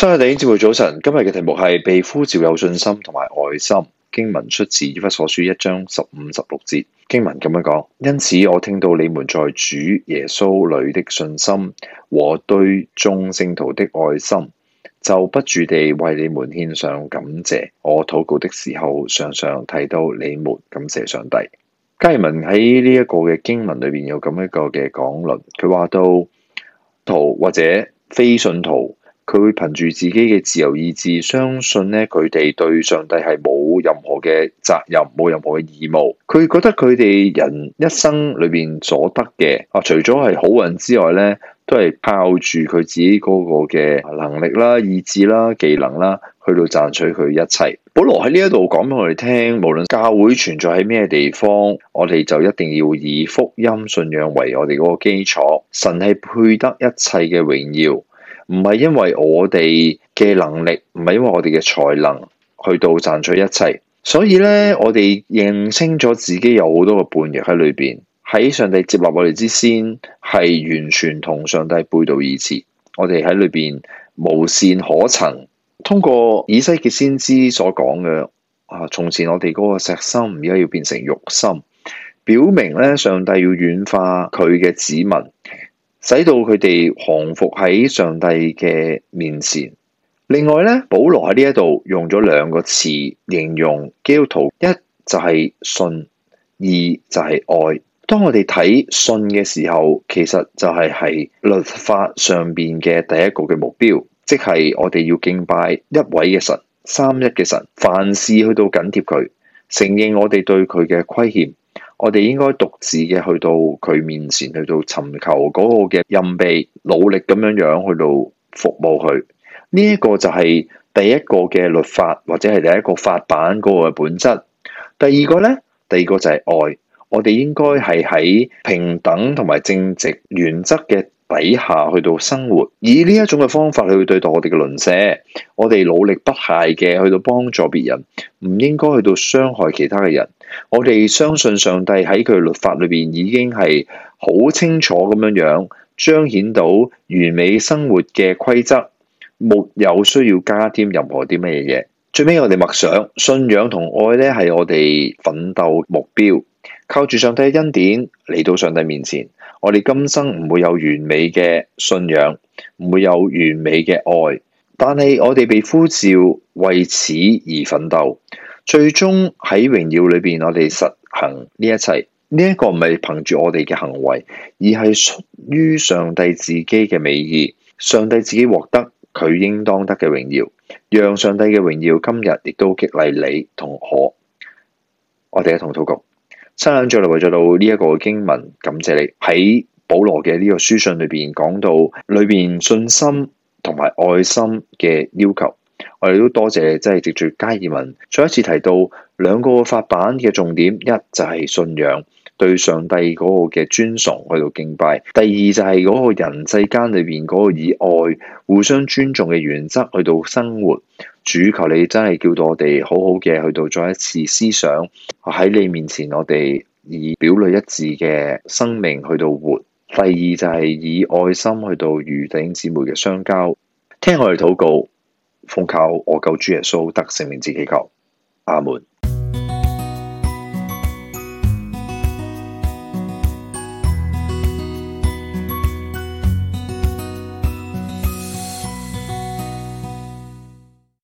親愛的姊妹早晨，今日嘅題目係被呼召有信心同埋愛心。經文出自《以弗所書》一章十五十六節，經文咁樣講：因此我聽到你們在主耶穌裏的信心和對眾聖徒的愛心，就不住地為你們獻上感謝。我禱告的時候，常常提到你們感謝上帝。佳文喺呢一個嘅經文裏邊有咁一個嘅講論，佢話到徒或者非信徒。佢會憑住自己嘅自由意志，相信咧佢哋對上帝係冇任何嘅責任，冇任何嘅義務。佢覺得佢哋人一生裏邊所得嘅啊，除咗係好運之外咧，都係靠住佢自己嗰個嘅能力啦、意志啦、技能啦，去到賺取佢一切。保羅喺呢一度講俾我哋聽，無論教會存在喺咩地方，我哋就一定要以福音信仰為我哋嗰個基礎。神係配得一切嘅榮耀。唔係因為我哋嘅能力，唔係因為我哋嘅才能去到賺取一切，所以咧我哋認清咗自己有好多嘅叛逆喺裏邊，喺上帝接納我哋之先，係完全同上帝背道而馳。我哋喺裏邊無善可陳。通過以西結先知所講嘅啊，從前我哋嗰個石心，而家要變成肉心，表明咧上帝要軟化佢嘅子民使到佢哋降服喺上帝嘅面前。另外咧，保羅喺呢一度用咗兩個詞形容基督徒：一就係信，二就係愛。當我哋睇信嘅時候，其實就係喺律法上邊嘅第一個嘅目標，即係我哋要敬拜一位嘅神，三一嘅神，凡事去到緊貼佢，承認我哋對佢嘅虧欠。我哋應該獨自嘅去到佢面前，去到尋求嗰個嘅任備，努力咁樣樣去到服務佢。呢、這、一個就係第一個嘅律法，或者係第一個法版嗰個嘅本質。第二個呢？第二個就係愛。我哋應該係喺平等同埋正直原則嘅底下去到生活，以呢一種嘅方法去對待我哋嘅鄰舍，我哋努力不懈嘅去，去到幫助別人，唔應該去到傷害其他嘅人。我哋相信上帝喺佢律法裏邊已經係好清楚咁樣樣彰顯到完美生活嘅規則，沒有需要加添任何啲乜嘢嘢。最尾我哋默想信仰同愛咧，係我哋奮鬥目標，靠住上帝嘅恩典嚟到上帝面前。我哋今生唔會有完美嘅信仰，唔會有完美嘅愛，但係我哋被呼召為此而奮鬥，最終喺榮耀裏邊，我哋實行呢一切。呢、這、一個唔係憑住我哋嘅行為，而係屬於上帝自己嘅美意。上帝自己獲得佢應當得嘅榮耀，讓上帝嘅榮耀今日亦都激勵你同我。我哋一同禱告。新眼再嚟為咗到呢一個經文，感謝你喺保羅嘅呢個書信裏邊講到裏邊信心同埋愛心嘅要求，我哋都多謝，即係藉住加爾文再一次提到兩個法版嘅重點，一就係信仰。對上帝嗰個嘅尊崇去到敬拜，第二就係嗰個人世間裏邊嗰個以愛互相尊重嘅原則去到生活。主求你真係叫到我哋好好嘅去到再一次思想喺你面前，我哋以表裏一致嘅生命去到活。第二就係以愛心去到與弟兄姊妹嘅相交，聽我哋禱告，奉靠我救主耶穌得聖靈之祈求，阿門。